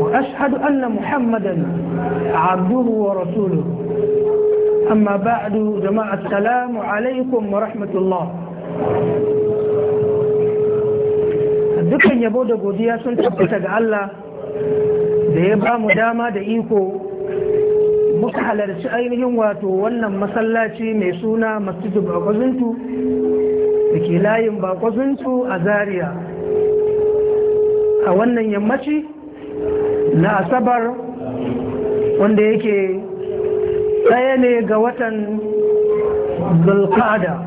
وأشهد أن محمدا عبده ورسوله أما بعد جماعة السلام عليكم ورحمة الله dukkan yabo da godiya sun tabbata ga Allah da ya ba mu dama da iko muka halarci ainihin wato wannan masallaci mai suna masjidu bakwazuntu da ke layin bakwazuntu a zaria a wannan yammaci na asabar wanda yake ɗaya ne ga watan zulkada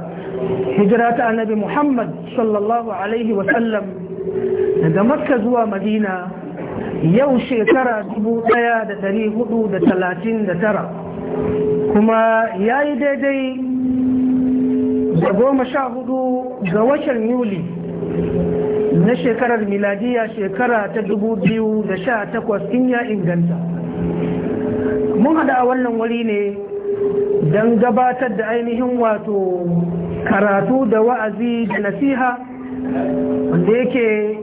hijira ta annabi muhammad sallallahu alaihi wasallam daga makka zuwa madina yau shekara 1439 kuma ya yi daidai da goma sha hudu ga watan yuli na shekarar miladiya shekara ta da sha takwas in ya inganta mun hada a wannan wuri ne don gabatar da ainihin wato karatu da wa'azi da nasiha wanda yake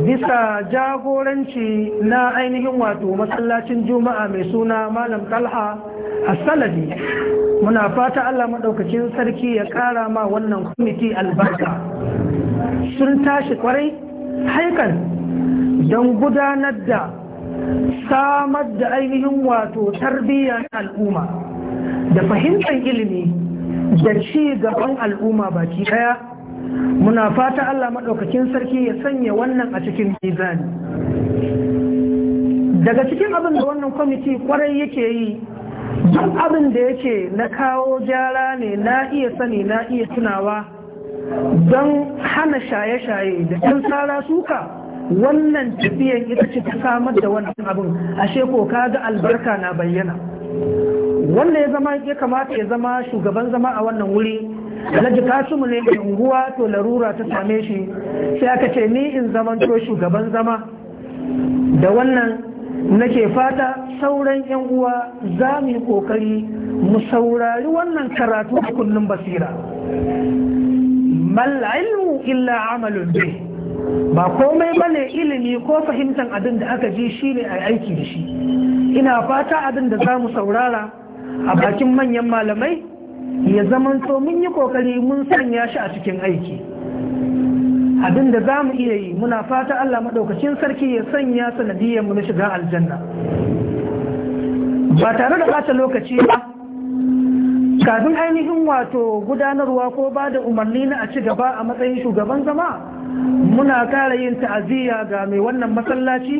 bisa jagoranci na ainihin wato masallacin juma'a mai suna malam talha a salafi muna fata allah maɗaukacin sarki ya ƙara ma wannan kwamiti albarka sun tashi kwarai haikan don gudanar da samar da ainihin wato tarbiyyar al'umma da fahimtar ilimi da ci gaban al'umma baki ɗaya muna fata Allah maɗaukakin sarki ya sanya wannan a cikin mizani daga cikin abin da wannan kwamiti kwarai yake yi duk abin da yake na kawo gyara ne na iya sani na iya tunawa don hana shaye-shaye da ɗan tsara suka wannan tafiyan ita ce ta samar da wannan abin ashe ko kaga albarka na bayyana wanda ya zama ya kamata ya zama shugaban zama a wannan wuri kasu mu ne da unguwa to larura ta same shi sai aka ce ni in zamanto shugaban zama da wannan nake fata sauran 'yan uwa za mu yi kokari mu saurari wannan karatu a kullum basira mal ilmu illa amalun bi ba komai bane ilimi ko fahimtar abin da aka ji shine ne aiki da shi ina fata abin da za mu saurara a bakin manyan malamai ya so mun yi kokari mun sanya shi a cikin aiki abinda za mu iya yi muna fata Allah maɗaukacin sarki ya sanya sanadiyar mu na shiga aljanna ba tare da ɓata lokaci ba kafin ainihin wato gudanarwa ko ba da umarni na a ci gaba a matsayin shugaban zama muna kara yin ta'aziyya ga mai wannan masallaci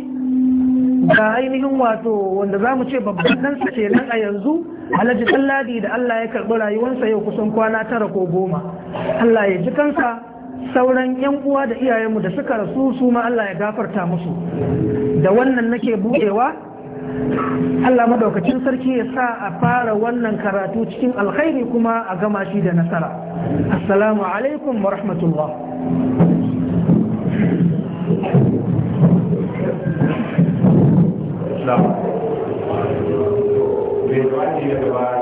ga ainihin wato wanda za mu ce babban ɗansa nan a yanzu alhaji Ladi da Allah ya karɓi rayuwarsa yau kusan kwana tara ko goma Allah ya ji kansa sauran yan uwa da iyayenmu da suka rasu su ma Allah ya gafarta musu da wannan nake buɗewa Allah madaukakin sarki ya sa a fara wannan karatu cikin alkhairi kuma a gama shi da nasara assalamu alaikum wa rahmatullah Thank you. lokaci da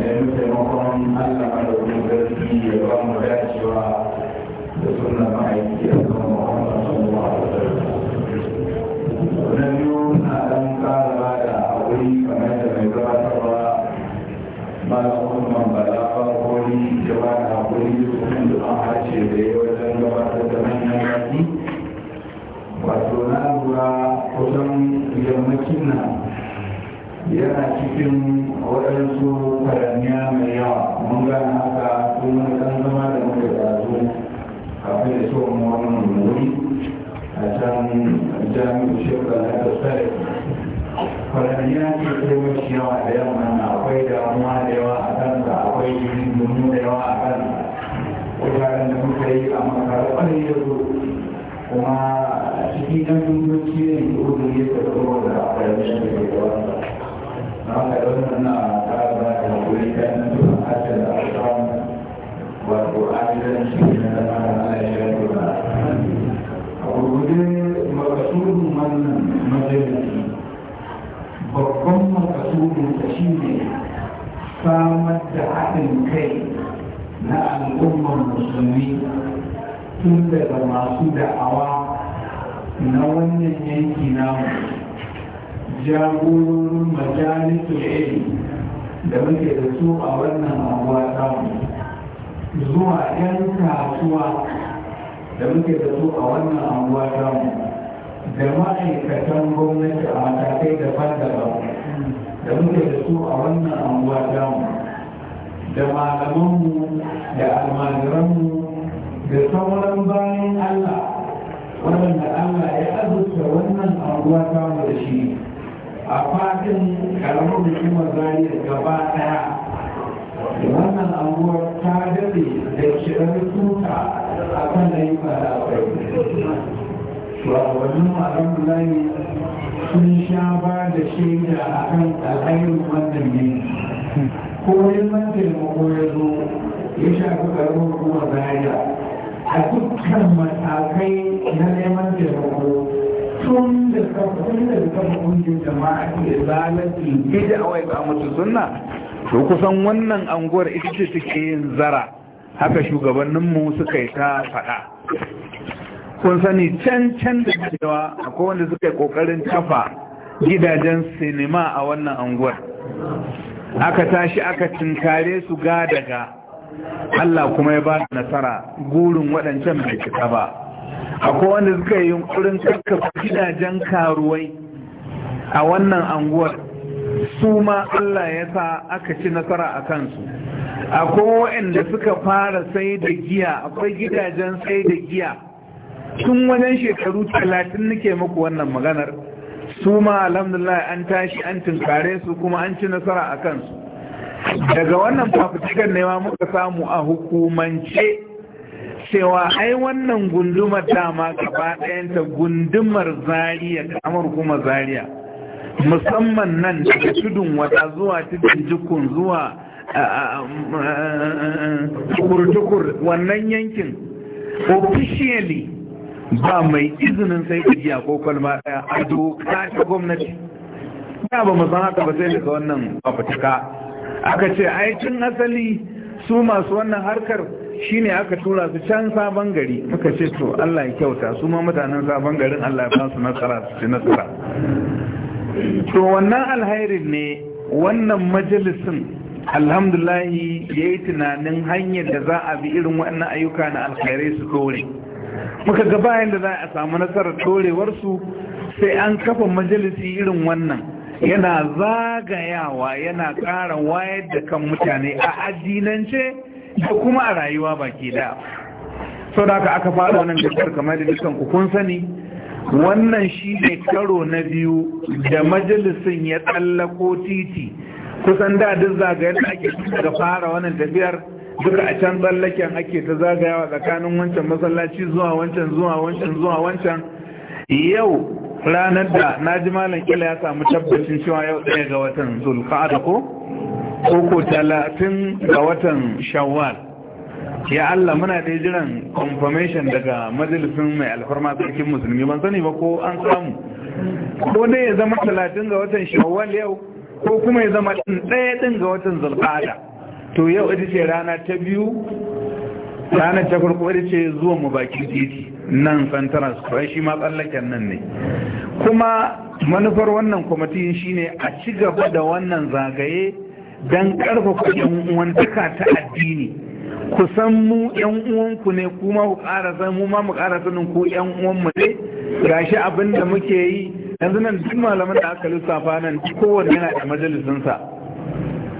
da yin taimakon allah madaukin sarki ya ba mu dacewa da suna ma'aiki a kan muhammad sallallahu alaihi wasallam Wani biyu na ɗan ƙara da haƙuri kamar da mai gabatarwa malam usman bala farkoli da ba da haƙuri sun da an hace da ya wajen gabatar da manyan baki wato na lura kusan yammacin nan yana cikin waɗansu faraniya mai yawa mun gane haka sun wani kan zama da muka yazo kafin da so mu wani wuri a can jami'u shekara na ce mashi yawa da yamma na akwai damuwa da yawa a kansa akwai da yawa a kansa da muka yi a makarar ɓarai da kuma a cikin ɗan wannan ba da a da ashamu wato ajiyar shi na da a babban makasudun ta shi ne samar da haɗin kai na al'ummar musulmi tun daga masu da'awa na wannan yanki namu jagorin majalisun ilmi da muke da su a wannan abuwa samu zuwa 'yan kasuwa da muke da su a wannan abuwa samu da ma'aikatan gwamnati a matakai daban-daban da muke da su a wannan abuwa samu da malamanmu da almajiranmu da sauran bayan allah da allah ya azurta wannan abuwa samu da shi a fadin karamin hukumar zariya gaba daya wannan abuwar ta daɗe da shirar tuta a kan da yi fara kwai shugabannin malamun layi sun sha ba da shaida a kan tsakayin wannan ne ko yin man taimako ya zo ya shafi karamin kuma zariya a dukkan matakai na neman taimako sunna to kusan wannan anguwar ita ce take yin zara haka shugabanninmu suka yi ta faɗa kun sani can can da cewa akwai wanda suka yi ƙoƙarin kafa gidajen sinima a wannan anguwar aka tashi aka tinkare su ga daga Allah kuma ya ba nasara gurin waɗancan mai cika ba akwai wanda suka yi yunkurin kakkafa gidajen karuwai a wannan anguwar su ma Allah ya sa aka ci nasara a kansu akwai waɗanda suka fara sai da giya akwai gidajen sai da giya tun wajen shekaru talatin nake muku wannan maganar su ma alhamdulillah an tashi an tunkare su kuma an ci nasara a kansu daga wannan fafutukan ne ma muka samu a hukumance cewa ai wannan gundumar dama gaba ɗayanta gundumar zariya kamar kuma zariya musamman nan daga tudun wata zuwa tudun jikun zuwa tukur-tukur wannan yankin officially ba mai izinin sai jiya ko kwalma ɗaya a doka ta gwamnati ya ba mu san haka ba sai daga wannan fafutuka aka ce ai tun asali su masu wannan harkar shi ne aka tura su can sabon gari suka ce to Allah ya kyauta su ma mutanen sabon garin Allah ya su nasara su ci nasara to wannan alhairin ne wannan majalisin alhamdulahi ya yi tunanin hanyar da za a bi irin wannan ayyuka na alkhairai su dore muka ga bayan da za a samu nasarar dorewarsu sai an kafa majalisi irin wannan yana zagayawa yana ƙara wayar da kan mutane a addinance da kuma a rayuwa baki da sau da aka aka fara wannan jikar kamar da dukkan kukun sani wannan shi ne karo na biyu da majalisun ya tsallako titi kusan da duk zagayen da ake ga fara wannan tafiyar duka a can tsallaken ake ta zagayawa tsakanin wancan masallaci zuwa wancan zuwa wancan zuwa wancan yau ranar da na ji malam kila ya samu tabbacin cewa yau ɗaya ga watan zulfa ko koko talatin ga watan shawwal ya Allah muna da jiran confirmation daga majalisun mai alfarma sarkin musulmi ban sani ba ko an samu ko dai ya zama talatin ga watan shawwal yau ko kuma ya zama ɗin ɗaya ɗin ga watan zulƙada to yau ita ce rana ta biyu ranar ta farko ita ce zuwan mu baki titi nan santara su shi ma tsallaken nan ne kuma manufar wannan kwamitin shine a ci gaba da wannan zagaye don ƙarfafa uwantaka ta addini ku san mu yan uwanku ne kuma ku ƙara san mu ma mu ƙara sanin ku yan uwanmu ne gashi abin da muke yi yanzu nan duk malaman da aka lissafa nan kowanne yana da sa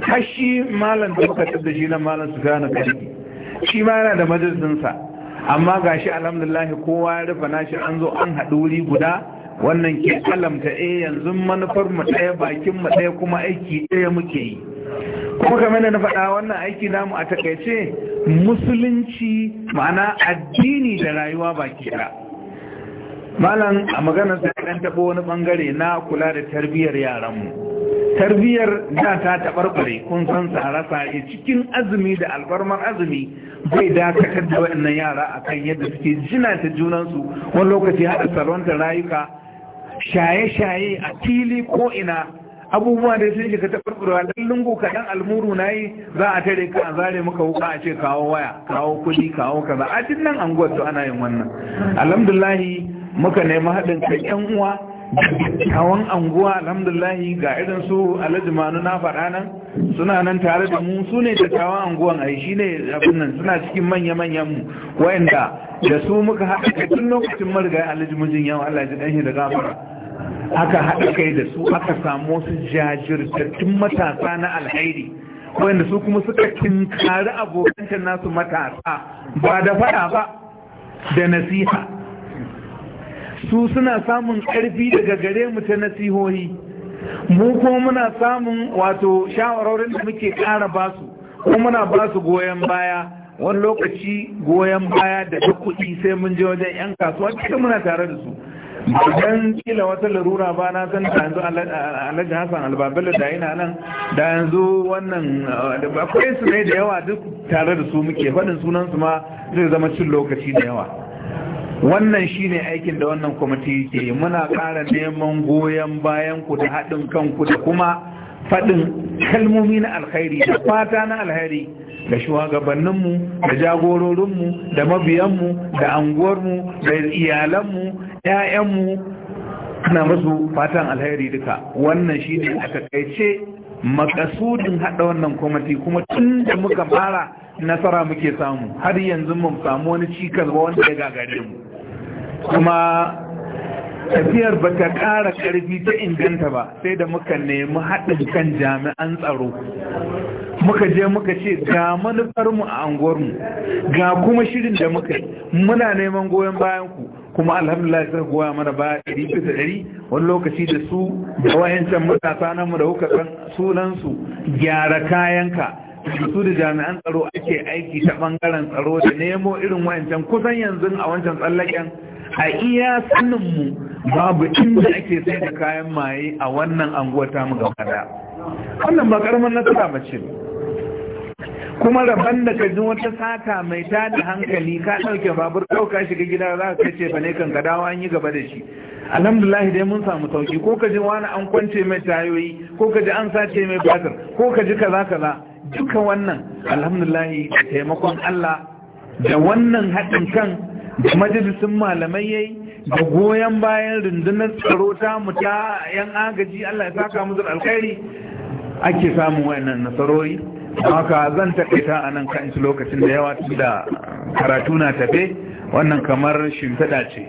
kashi malam da muka tabda shi nan malam su gane kashi shi ma yana da sa amma gashi alhamdulillah kowa ya rufe nashi an zo an haɗu wuri guda wannan ke alamta eh yanzu manufar mu ɗaya bakin mu ɗaya kuma aiki ɗaya muke yi kuma mana na faɗa wannan aiki namu a takaice musulunci ma'ana addini da rayuwa ba kira malam a maganar sa ɗan taɓo wani ɓangare na kula da tarbiyyar yaranmu tarbiyyar da ta taɓarɓare kun san tsara ya cikin azumi da albarmar azumi bai dakatar da waɗannan yara a kan yadda suke jina ta junansu wani lokaci haɗa salonta rayuka shaye-shaye a fili ko ina abubuwa da sun shiga taɓarɓarwa ɗan lungu ka almuru na yi za a tare ka a zare maka wuka a ce kawo waya kawo kudi kawo kaza a cikin nan an to ana yin wannan alhamdulahi muka nemi haɗin kan ƴan uwa kawon anguwa alhamdulahi ga irin su alhaji manu na faɗa nan suna nan tare da mu su ne dattawan anguwan ai shi ne abin nan suna cikin manya-manyan mu wayanda da su muka haɗa tun lokacin marigayen alhaji mijin yawon alhaji ɗan shi da gafara aka haɗa kai da su aka samu su jajirtattun matasa na alhairi wanda su kuma suka kinkari abokanta nasu matasa ba da faɗa ba da nasiha su suna samun ƙarfi daga gare mu ta nasihohi mu kuma muna samun wato shawarorin da muke ƙara basu ko muna basu goyon baya wani lokaci goyon baya da kuɗi sai mun je wajen 'yan kasuwa cikin muna tare da su idan kila wata larura ba na san da yanzu alhaji hassan albabila da yana nan da yanzu wannan uh, akwai su ne da yawa duk tare da su muke faɗin sunan su ma zai zama cin lokaci da yawa wannan shi ne aikin da wannan kwamiti ke muna ƙara neman goyon bayan ku da haɗin kanku da kuma faɗin kalmomi na alkhairi da fata na alkhairi da shugabanninmu da jagororinmu da mabiyanmu da anguwarmu da iyalanmu ‘ya'yanmu na musu fatan alheri duka wannan shi ne a takaice makasudin haɗa wannan kwamati kuma tun da muka fara nasara muke samu har yanzu mu samu wani cikas ba wanda ya gagare mu kuma tafiyar ba ta ƙara ƙarfi ta inganta ba sai da muka nemi haɗin kan jami'an tsaro muka je muka ce ga manufarmu a anguwarmu ga kuma shirin da muka yi muna neman goyon bayan ku kuma alhamdulillah sai goya mana ba ɗari bisa ɗari wani lokaci da su da wayancan matasa na mu da kuka san sunansu gyara kayanka su da jami'an tsaro ake aiki ta bangaren tsaro da nemo irin wayancan kusan yanzu a wancan tsallaken a iya saninmu babu inda ake sai da kayan maye a wannan anguwa ta mu gaba wannan ba karamar nasara ba ce kuma rabon da ka ji wata sata mai tada hankali ka ɗauke babur ɗauka shiga gida za ka kace ba ne kan gadawa, dawo an yi gaba da shi alhamdulahi dai mun samu sauki ko ka ji wani an kwance mai tayoyi ko ka ji an sace mai batir ko ka ji kaza kaza duka wannan alhamdulahi taimakon Allah da wannan haɗin kan da majalisun malamai yayi da goyon bayan rundunar tsaro ta mu ta yan agaji Allah ya saka musu alkhairi ake samun wayannan nasarori haka zan takaita a nan kan su lokacin da yawa tun da karatu na tafe wannan kamar shimfiɗa ce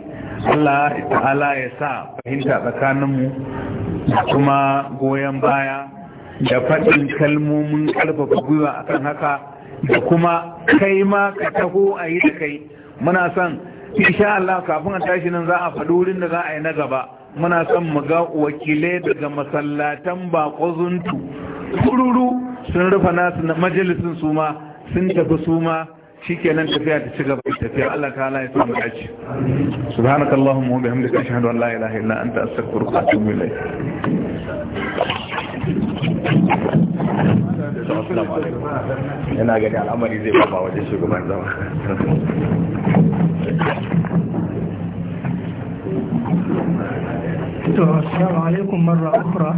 Allah ta'ala ya sa fahimta tsakaninmu da kuma goyon baya da faɗin kalmomin ƙarfafa gwiwa a kan haka da kuma kai ma ka taho a yi da kai muna son insha Allah kafin a tashi nan za a faɗi wurin da za a yi na gaba muna son mu ga wakilai daga masallatan baƙo zuntu tururu sun rufa nasu na majalisin su ma sun tafi su ma shikenan tafiya ta ci gaba tafiya Allah ta halaye su mu dace subhanaka allahumma wa bihamdika ashhadu an la ilaha illa anta astaghfiruka wa atubu ilayk assalamu alaikum ina gani al'amari zai baba wajen shugaban zama السلام عليكم مرة أخرى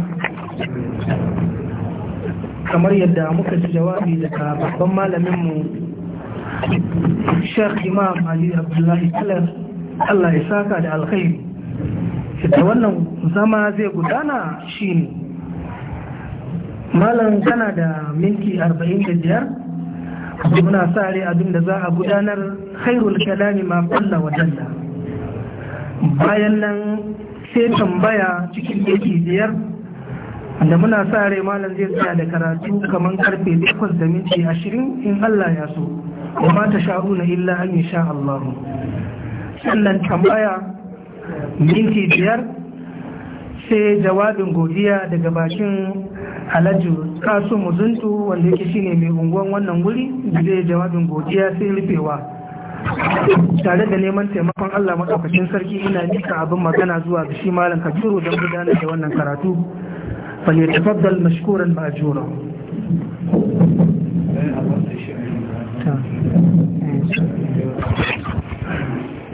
kamar yadda muka ci jawabi daga babban malamin mu Sheikh imam ali abdullahi kalar allah ya saka da alkhairi da wannan zama zai gudana shi ne malam tana da minti 45 muna sare da za a gudanar khairul kalami ma kulla wa jalla bayan nan sai tambaya cikin yake biyar da muna sa rai malam zai tsaya da karatu kamar karfe 8 da minti 20 in Allah ya so wa ma ta na illa an sha Allah sannan tambaya minti biyar sai jawabin godiya daga bakin alhaji kasu muzuntu wanda yake shine mai unguwan wannan wuri da zai jawabin godiya sai rufewa tare da neman taimakon Allah maɗaukacin sarki ina nika abin magana zuwa gashi shi malam Kabiru don gudanar da wannan karatu فليتفضل مشكورا مأجورا آه، Thank you.